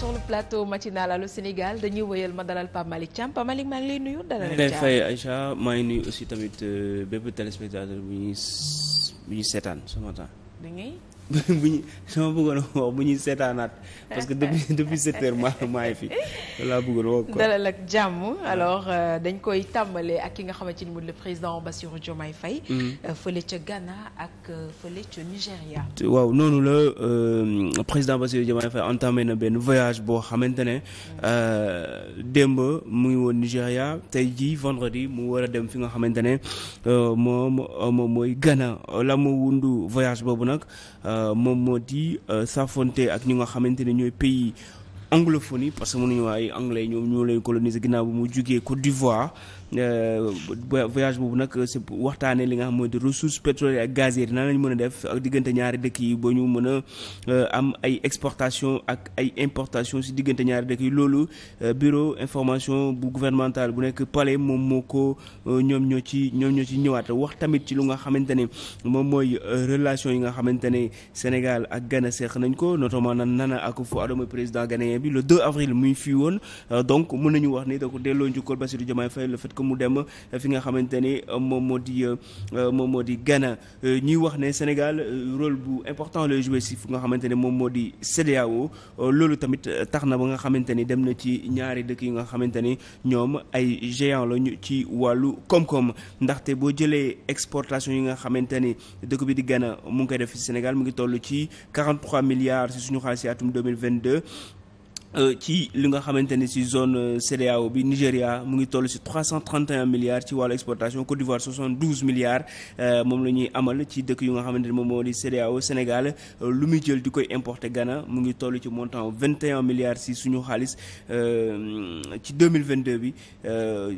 sur le plateau matinal Allô Sénégal dañuy woyal ma dalal Pape Malick Thiam Pape Malick maa ngi lay nuyu dalal lay fay Aïcha maa ngi nuyu aussi tamit euh, bépp téléspectateur bu ñuy bu ñuy seetaan ce matin da bu ñu sama bëggoon wax bu ñuy seetaanaat parce que depuis depuis sept heures maa maa ngi fi laa bëggoon wax quoi. dalal ak jàmm alors euh, dañ koy tàmbalee ak ki nga xamante ni mu le président Bassirou Diomaye Faye. Mm. Euh, fële ca Ghana ak euh, fële ca Nigéria. waaw noonu la président Bassirou Diomaye Faye entamé na benn voyage boo xamante ne mm. démb mu ngi woon Nigéria tey jii vendredi mu war a dem fi nga xamante ne moom moom mooy Ghana la mu wundu voyage boobu nag. Euh, moom moo di euh, safonte ak ñi nga xamante ne ñooy pays anglophonie parce que mënuñu ay anglais ñoom ñoo lay coloniser ginnaaw bi mu jugee Côte d'Ivoire Euh, voyage boobu nag euh, waxtaanee li nga xam mooy di ressources pétrolières ak gazières nan lañ mën a def ak diggante ñaari dëkk yi ba ñu mën a euh, am ay exportation ak ay importation si diggante ñaari dëkk yi loolu bureau information bu gouvernemental bu nekk palais moom moo ko ñoom ñoo ci ñoom ñoo ci ñëwaat wax tamit ci lu nga xamante ne moom mooy relation yi nga xamante ne Sénégal ak Ghana seex nañ ko notamment nan Nana Akufo Addo mooy bi le 2 avril muy fii woon wax ni delloo njukkal Bassirou Diomaye Faye le mu dem fi nga xamante ni moom moo di euh, moom moo di Ghana euh, ñuy wax ne Sénégal euh, rôle bu important la joué si fu nga xamante ne moom moo di CEDEAO loolu tamit tax na ba nga xamante ni dem na ci ñaari dëkk yi nga xamante ni ñoom ay géant lañu ci wàllu koom-koom ndaxte boo jëlee exportation yi nga xamante ni dëkk bi di Ghana mu ngi koy def ci Sénégal mu ngi toll ci 43 milliards si suñu xaalis si atum 2022 Euh, ci li nga xamante ni si zone euh, CEDEAO bi Nigéria mu ngi toll si 331 milliards ci wàllu exportation Côte d'Ivoire 72 milliards euh, moom la ñuy amal ci dëkk yu nga xamante ni moom moo di CEDEAO Sénégal lu muy jël di koy importer gana mu ngi toll ci montant 21 milliards si suñu xaalis ci deux mille 2022 bi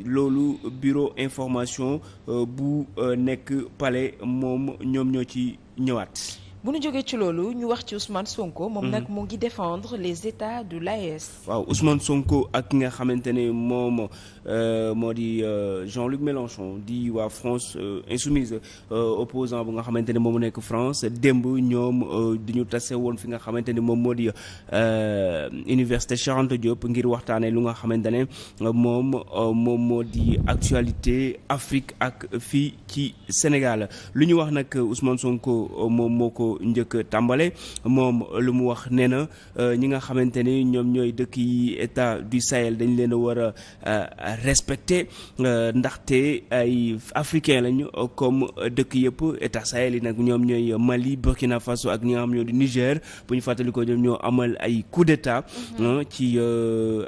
loolu bureau information bu nekk pale moom ñoom ñoo ci ñëwaat. bu nu jógee ci loolu ñu wax ci Ousmane Sonko. moom nag moo ngi défendre les états de l'AES. waaw Ousmane Sonko ak nga xamante ne moom euh, moo di euh, Jean-Luc Mélenchon di waa France euh, insoumise opposant bu nga xamante ne moom nekk France démb ñoom di ñu tase woon fi nga xamante ne moom moo di Université Cheikh Anta Diop ngir waxtaanee lu nga xamante ne moom moom moo di actualité Afrique ak fii ci Sénégal lu ñu wax nag Ousmane Sonko moom moo ko. ko njëkk tàmbale moom lu mu wax nee na euh, ñi nga xamante ni ñoom ñooy dëkk yi état du Sahel dañ leen a war a euh, respecter euh, ndaxte ay africain lañu comme dëkk yëpp état Sahel yi nag ñoom ñooy Mali Burkina Faso ak ñi nga xam ñoo di Niger bu ñu fàttali ñoom ñoo amal ay coup d'état mhm. ci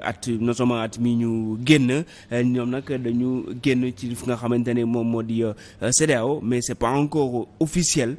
at notamment at mi ñu génn ñoom nag dañu génn ci fi nga xamante ne moom moo di CEDEAO mais c'est pas encore officiel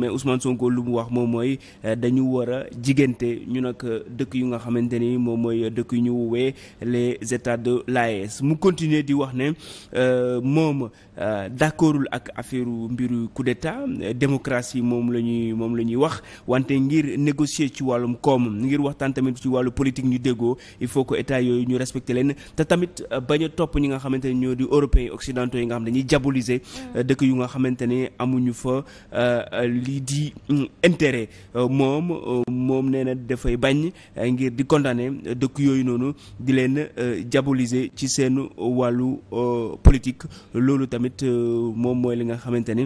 mais Ousmane Sonko lu mu wax moom mooy euh, dañu war a jigante ñu nag euh, dëkk yu nga xamante ni moom mooy dëkk yu ñu woowee les états de la l'AES mu continuer di wax ne euh, moom Euh, d'accordul ak affaire mbiru coup d'état euh, démocratie moom la ñuy moom la ñuy wax wante ngir négocier ci wàllum koom ngir waxtaan tamit ci wàllu politique ñu déggoo il faut que état yooyu ñu respecté leen te tamit euh, bañ a topp ñi nga xamante ne ñoo di européens yi occidentaux yi nga xam ne mm. dëkk yu nga xamante ne amuñu fa lii di mm, intérêt moom moom nee na dafay bañ ngir di condamner dëkk yooyu noonu di leen diaboliser ci seen wàllu politique loolu tamit tamit euh, moom mooy li nga xamante ni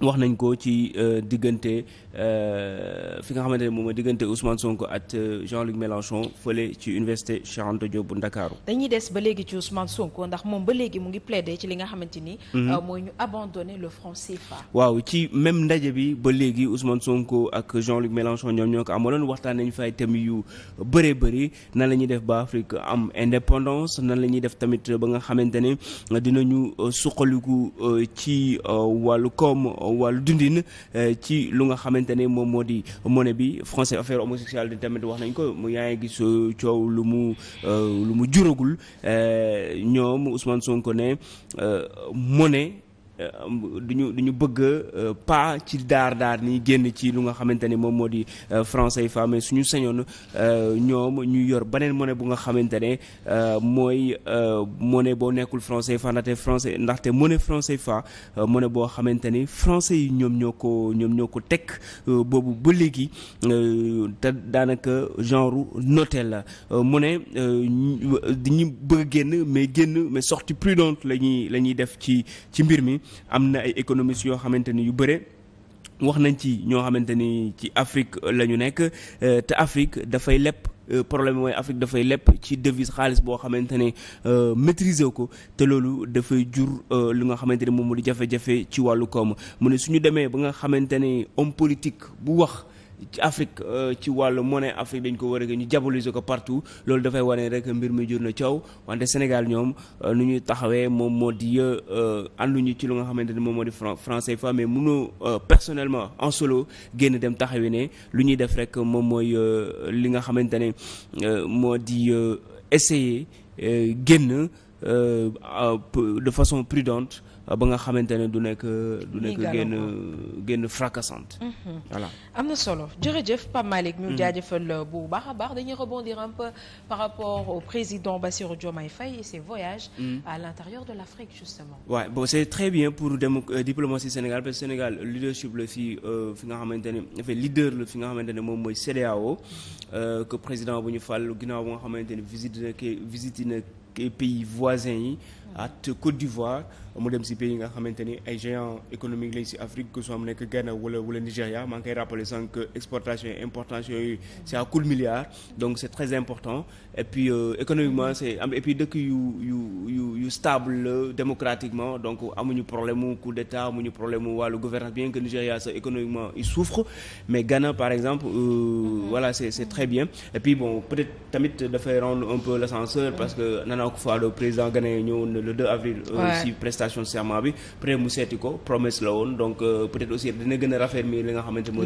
wax nañ ko ci euh, diggante euh, fi nga xamante ni moom mooy diggante Ousmane Sonko at euh, Jean-Luc Mélenchon fële ci université Cheikh Anta bu Ndakaaru dañuy des ba léegi ci Ousmane Sonko ndax moom ba léegi mu ngi plaidé ci li nga xamante ni. Mhm. mooy ñu abandonner le franc CFA. waaw ci même ndaje bi ba léegi Ousmane Sonko ak Jean-Luc Mélenchon ñoom ñoo ko amaloon waxtaan nañu fay thèmes yu bëree bëri nan la ñuy def ba Afrique am indépendance nan la ñuy def tamit ba nga xamante ne dinañu suqaliku ci wàllu koom. Euh, wàllu dundin euh, ci lu nga xamante ne moom moo di monnaie bi français affaire homosexuelle di tamit wax nañ ko mu yaa ngi gis euh, coow lu mu lu mu juragul ñoom Ousmane Sonko ne monnaie duñu duñu bëgg a euh, pas ci daar daar ni génn ci lu nga xamante ni moom moo di euh, franc CFA mais suñu sañoon euh, ñoom ñu yor beneen monnaie bu nga xamante ne mooy monnaie boo nekkul franc CFA ndaxte franc ndaxte monnaie franc CFA mone boo xamante ni français yi ñoom ñoo ko ñoom ñoo ko teg boobu ba léegi te daanaka genre noté la monnaie dañu bëgg a génn mais génn mais sortie prudente la ñuy la ñuy def ci ci mbir mi. am na ay économistes yoo xamante ni yu bëre wax nañ ci ñoo xamante ni ci Afrique la ñu nekk euh, te Afrique dafay lepp euh, problème mooy Afrique dafay lepp ci devise xaalis boo xamante ne euh, maîtriser ko te loolu dafay jur li nga xamante ne moom mu di jafe-jafe ci wàllu koom mu ne ñu demee ba nga xamante ne homme politique bu wax ci Afrique euh, ci wàllu monnaie Afrique dañ ko war a ñu diaboliser ko partout loolu dafay wane rek mbir mi jur na coow wante Sénégal ñoom euh, nu ñuy taxawee moom moo di euh, ñu ci lu nga xamante ne moom moo di franc CFA mais mënu personnellement en solo génn dem taxawee ne lu ñuy def rek moom mooy li nga xamante ne moo di essayer génn. Euh, de façon prudente euh, ba nga xamante ne du nekk du nekk génn génn fracassante mhm. voilà am na solo jërëjëf Pape Malick ñu mm. jaajëfal euh, bu baax a baax dañuy rebondir un peu par rapport au président Bassirou Diomaye Faye et ses voyages mm. à l'intérieur de l'Afrique justement waaw boo c'est très bien pour dem diplomatie Sénégal parce que Sénégal leadership la fi fi nga xamante ne en fait leader la fi nga xamante ne moom mooy CEDEAO mm. que président bu ñu fal ginnaaw bu nga xamante ne visite na na pays voisins yi. ak Côte d'Ivoire. mu dem si pays yi nga xamante ni ay géants économiques lañ si Afrique que soit mu nekk Ghana wala wala Nigéria maa ngi koy rappelé sans que exportation et importation c'est à coup de milliard donc c'est très important et puis euh, économiquement c'est am et puis dëkk yu yu yu yu stable démocratiquement donc amuñu problème mu coup d'état amuñu problème mu wàllu gouvernance bien que Nigéria sax économiquement il souffre mais Ghana par exemple euh, mm-hmm. voilà c'est c'est très bien et puis bon peut-être tamit dafay rendre un peu parce que Nana Akufo-Addo président ghanéen ñëwoon le 2 avril euh, prestation serment bi après mu seeti ko promesse la woon donc euh, peut-être aussi dina gën a raffermir li nga xamante euh, euh, moo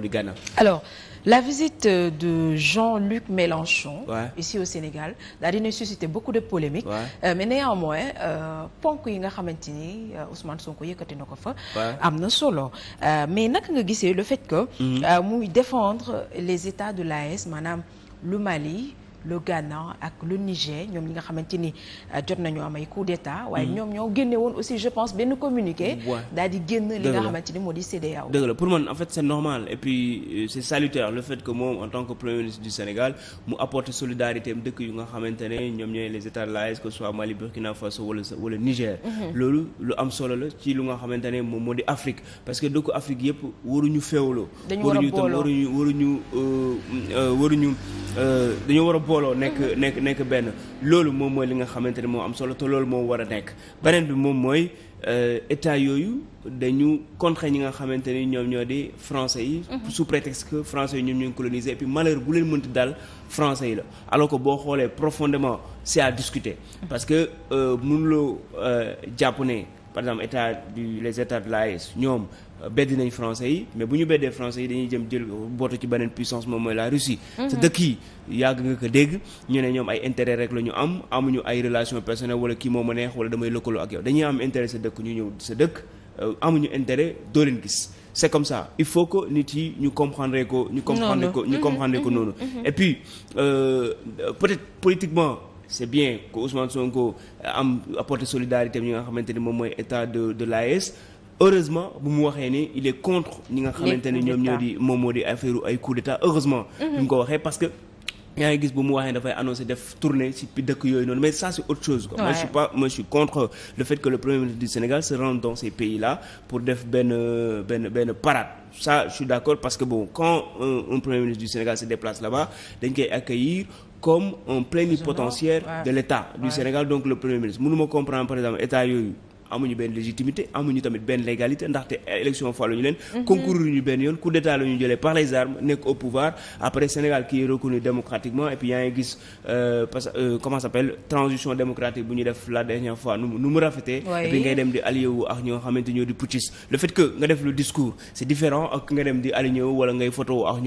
di nga xam la visite de Jean-Luc Mélenchon ouais. ici au Sénégal daal dina beaucoup de polémiques mais néanmoins ponk yi nga xamante ni Ousmane Sonko yëkkati na ko fa am na solo mais naka nga gisee le fait que mm-hmm. muy défendre les états de l'AES maanaam le Mali le Ghana ak le Niger ñoom ñi nga xamante ni euh, jot nañu am ay coup d'état mm. waaye ñoom ñoo génne woon aussi je pense benn communiqué daal génn li nga xamante ni moo di CEDEAO dëgg la pour man en fait c'est normal et puis euh, c'est salutaire le fait que moom en tant que premier ministre du Sénégal mu apporte solidarité am dëkk yu nga xamante ñoom ñooy les états de l'AES que soit Mali Burkina Faso wala Niger mm-hmm. loolu lu am solo la ci lu nga xamante ne a booloo nekk nekk nekk benn loolu moom mooy li nga xamante ne moo am solo te loolu moo war a nekk beneen bi moom mooy euh, état yooyu dañu contre ñi nga xamante ni ñoom ñoo di français yi mhm. sous prétexte que français yi ñoom ñoo coloniser et puis bu leen mënti daal français yi la alors que boo xoolee profondément c'est à discuter mhm. parce que euh, mënuloo euh, jàpp ne par exemple état du les états ñoom euh, beddi nañ français yi mais bu ñu beddee français yi dañuy jëm jël euh, bootu ci beneen puissance moom mooy la Russie te mm-hmm. dëkk yi yàgg nga ko dégg ñu ne ñoom ay intérêt rek la ñu am amuñu ay relation personnelle wala kii moo ma neex wala damay lëkkaloo ak yow dañuy am intérêt sa dëkk ñu ñëw sa dëkk euh, amuñu intérêt doo gis c'est comme ça il faut que nit yi ñu comprendre ko ñu comprendre ko ñu mm-hmm. comprendre ko mm-hmm. noonu et puis c'est bien que Ousmane Sonko euh, am apporter solidarité ñi nga xamante ni moom mooy état de de l'AES heureusement bu mu waxee ni il est contre ñi nga xamante ni ñoom ñoo di moom moo di affaire ay coup d'état heureusement bi mhm. mu ko waxee parce que yaa ngi gis bu mu waxee dafay annoncé def tournée ci dëkk yooyu noonu mais ça c'est autre chose quoi. Ouais. moi suis pas moi suis contre le fait que le premier ministre du Sénégal se rende dans ces pays là pour def benn benn benn parade ça je suis d'accord parce que bon quand un, un premier ministre du Sénégal se déplace là-bas dañ koy accueillir comme un plénipotentiaire ouais. de l'État du ouais. Sénégal donc le premier ministre mënuma comprendre par exemple état yooyu amuñu benn légitimité amuñu tamit benn légalité ndaxte élection falu ñu leen mhm. concourir ñu benn yoon coup d'état la ñu jëlee par les nekk au après Sénégal qui est reconnu démocratiquement et yaa ngi gis euh, parce que euh, comment transition démocratique bu ñu def la dernière fois nu mu rafetee et ngay dem di allié ak ñoo xamante ñoo di putschiste le fait que nga def le discours c'est différent ak nga dem di allié wu ngay photo ak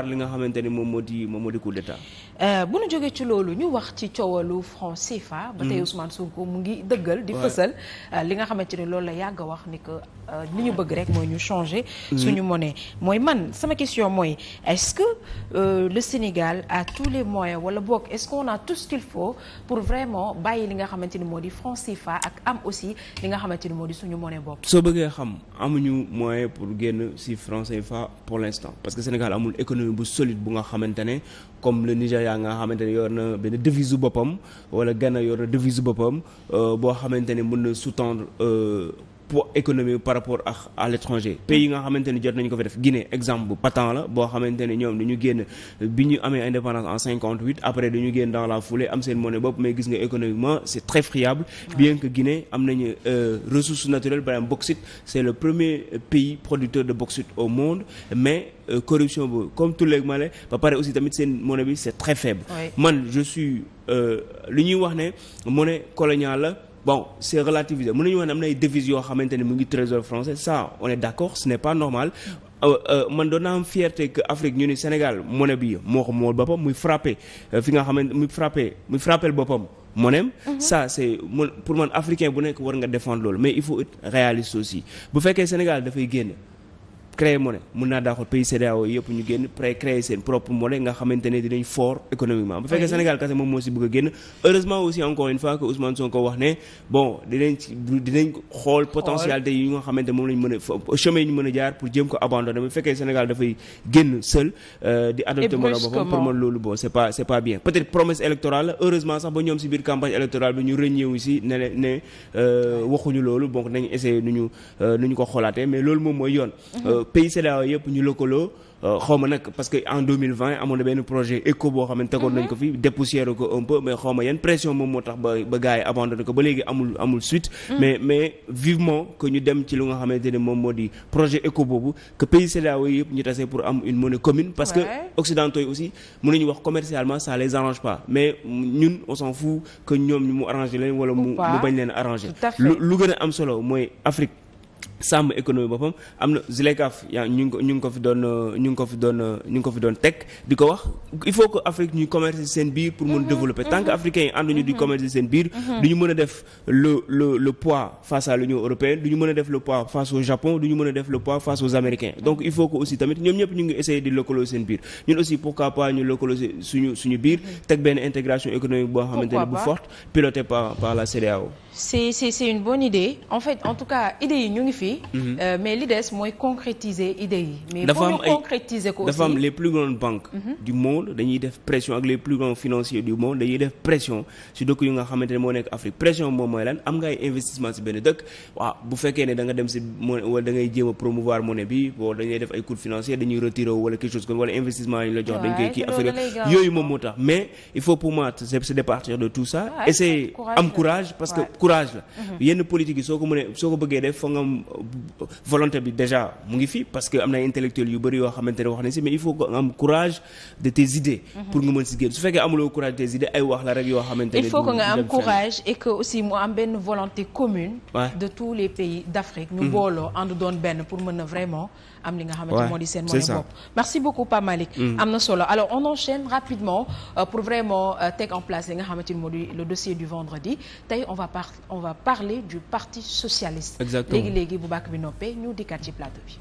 xaar li nga xamante moom moo di moom moo di coup d'état euh, bu ci loolu ñu wax ci coowalu franc CFA. ba tey mhm. Ousmane Sonko mu ngi dëggal di fësal euh, li nga xamante ni loolu la yàgg a wax ni que euh, li ñu bëgg rek mooy ñu changer mhm. suñu monnaie mooy man sama question mooy est-ce que le Sénégal a tous les moyens wala boog est-ce qu'on a tout ce qu'il faut li nga xamante ni moo di franc CFA ak am aussi li nga xamante ni moo di suñu monnaie bopp soo bëggee xam amuñu moyen pour génn si franc CFA pour l'instant parce que Sénégal amul économie bu solide bu nga xamante ne comme le Nigéria nga xamante ne yor na benn devise boppam wala Ghana yor na devise boppam euh, boo xamante ne mën na sous-tendre euh, poids économique par rapport ak à l'étranger pays yi nga xamante ne jot nañ ko fi def Guinée exemple bu patent la boo xamante ne ñoom dañu génn bi ñu amee indépendance en cinquante huit après génn dans la foulée am seen monnaie bopp mais gis nga économiquement c'est très friable bien que Guinée am nañu euh, ressources naturelles par exemple c'est le premier euh, pays producteur de bauxite au monde mais euh, corruption bu comme tous les ba pare aussi tamit seen monnaie bi c'est très bon c'est relativisé mën nañu wax ne am na ay devises yoo xamante ne mu ngi trésor français ça on est d'accord ce n'est pas normal euh, euh, man doon naa am fierté que Afrique ñu ni Sénégal monnaie bi moo ko mool boppam muy frappé euh, fi nga xamante muy frappé muy frappel boppam monem mhm. ça c'est pour man africain bu nekk war nga défendre loolu mais il faut être réaliste aussi bu fekkee Sénégal dafay génne créer monnaie mun naa daaxoon pays CEDEAO yëpp ñu génn pré créer seen propre monnaie nga xamante ne dinañ fort économiquement bu fekkee Sénégal kese moom a génn heureusement aussi encore une fois que moom lañ mën a chemin yi ñu mën jaar pour jéem ko abandonné bu fekkee Sénégal dafay génn seul euh, di adopté moro boppam pour man loolu bon c'est pas c'est pas ba ñoom si biir campagne électorale bi ñu rëññeewu si ne ne euh, waxuñu loolu donc nañ essayé nu ñu euh, nu ñu ko xoolaatee mais loolu pays CEDEAO yëpp ñu lëkkaloo euh, xaw ma nag parce en amoon na benn projet éco boo xam ne nañ ko fi mhm. dépoussière ko un mais xaw yan pression moom moo tax ba ba gars ko ba léegi amul amul suite mm. mais mais vivement que ñu dem ci lu nga xamante ne moom moo di projet éco boobu que pays CEDEAO yëpp ñu tasee pour am une monnaie commune parce que occidentaux yi aussi mën wax commercialement ça les arrange mais ñun on s'en fout que ñoom ñu mu arrangé a sàmm économie boppam am na Zulekaf yaa ñu ngi ko fi doon ñu ngi ko fi doon teg di ko wax il faut que Afrique ñuy commercer seen biir pour mën mhm. développer tant que mhm. africains yi ànduñu di mhm. commercer seen biir du ñu mën a def le le le poids face à l'Union européenne du ñu mën a def le poids face au Japon du ñu mën a def le poids face aux Américains donc il faut que aussi tamit ñoom ñëpp ñu ngi essayer di lëkkaloo Mhm. Euh, dafa am ay plus grandes banques. Mhm. du monde dañuy def pression ak les plus grands financiers du monde dañuy def pression si dëkk yu nga xamante ne moo nekk Afrique pression moom mooy lan am nga investissement si benn dëkk waaw bu fekkee ne da nga dem si monnaie wala da ngay promouvoir monnaie bi wala dañuy def ay coûts financiers dañuy retirer wala quelque chose comme wala investissement yi la jox dañ koy kii affaire yooyu moom moo tax mais il faut pour moi c'est volonté bi déjà mu ngi fi parce que am na ay intellectuels yu bëri yoo xamante ne wax nañ si mais il faut que am courage de tes idées. Mhm. pour nga mën si génn su fekkee amuloo courage de tes idées ay wax la rek yoo xamante ne. il faut que nga am courage et que aussi mu am benn volonté commune. de tous les pays d'Afrique. ñu mhm. booloo ànd doon pour mën a vraiment am li nga xamante moo di seen. mooy bopp merci beaucoup Pape Malick. Mhm. Euh, euh, moo di vendredi tey on va parler du bu bàkk bi noppee ñu dikkaat ci plato bi